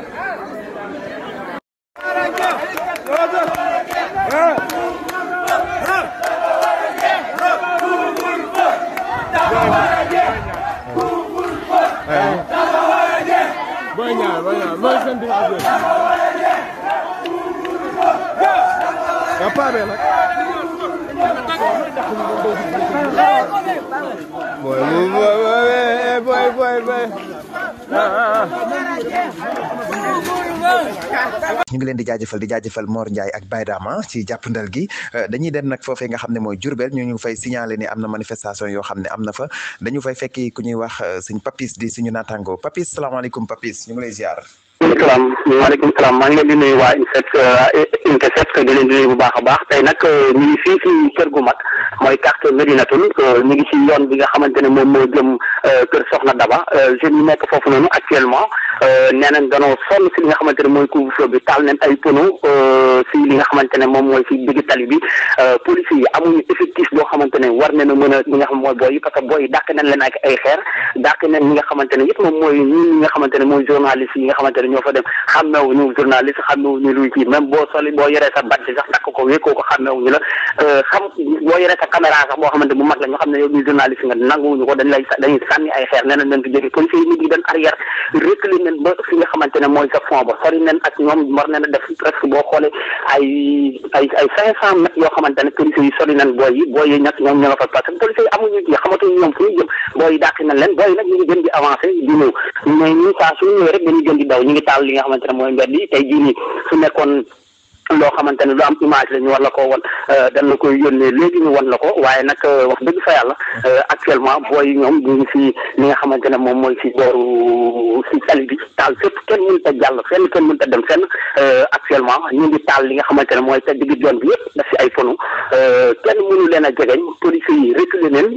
boy boy boy boy boy boy boy ñu ngi leen di jaajëfal di jaajëfal moor Ndiaye ak Baye Dama ci jàppandal gi euh, dañuy dem nag foofee nga xam ne mooy Diourbel ñu ñu fay signaler ni am na manifestation yoo xam ne am na fa dañu fay fekki ku ñuy wax euh, suñ Papis di suñu naataango Papis salaamaaleykum Papis ñu ngi lay ziar. salaam waaleykum salaam maa leen di nuyu waa INSEC euh, leen bu baax a baax tey nag ñu ngi fii kër gu mag mooy quartier Médinatoul euh, ñu ngi ci yoon bi nga xamante ne moom moo jëm euh, kër Soxna Daba euh, jeunes yi nekk foofu noonu actuellement nee nañ danoo sonn ci ne mooy couvre-feu bi taal nañ ay pono ci li nga moom mooy ci digg tali bi police yi amuñu effectif xamante ne war nañu mën a li nga xam mooy booy yi parce que booy yi dàq nañ nga xamante ne yëpp moom mooy ñi nga xamante ne ne ñoo fa dem xàmmewuñu journaliste xàmmewuñu luy kii même boo soli boo yoree sa badge sax dàq ko wékkoo ko xàmmewuñu la xam boo yoree ak caméra sax boo xamante bu mag la ñu xam ne yow bi journaliste ko dañuy sànni ay xeer nee nañ leen yi nga xamante ne mooy booy nag ñu ngi gën di avancé di ñëw mais ñun saa suñu ñëwee rek dañuy gën di daw ñu ngi taal li nga xamante ne mooy mbedd yi tey jii nii su nekkoon loo xamante ne lu am image la ñu war la ko won euh, dañ la koy yónnee léegi ñu won la ko waaye nag euh, wax dëgg fa yàlla euh, actuellement booy ñoom ñu ngi si li nga xamante ne moom mooy si booru si tali bi taal fépp kenn mënut a jàll fenn kenn mënut a dem fenn actuellement ñu ngi taal li nga xamante ne mooy ca digg yoon yëpp daf si ay ponu kenn mënu leen a jegeñ police yi reculer leen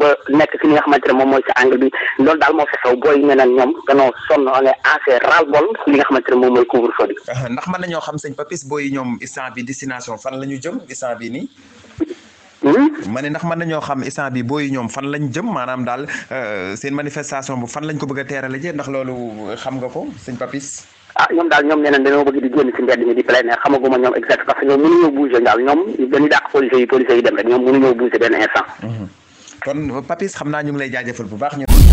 ba nekk si nga xamante ne moom mooy si angle bi loolu daal moo fi xew booy ñoom danoo sonn nga assez ras-le-bol li nga xamante ne moom mooy couvre-feu bi. Ah, ndax mën nañoo xam sëñ Papis booy ñoom instant bi destination fan la ñu jëm instant bi nii. ma ne ndax mën nañoo xam instant bi booy ñoom fan lañ jëm maanaam daal euh, seen manifestation bu fan lañ ko bëgg a teerale jee ndax loolu xam nga ko sëñ Papis. ah ñoom daal ñoom nee nañ dañoo bëgg di génn ci mbedd mi di plainer xamaguma ñoom exact parce que ñoom mënuñoo bouger daal ñoom dañuy dàq policiers yi policiers yi dem rek ñoom mënuñoo bouger benn instant. Mhm. kon Papis xam naa ñu lay jaajëfal bu baax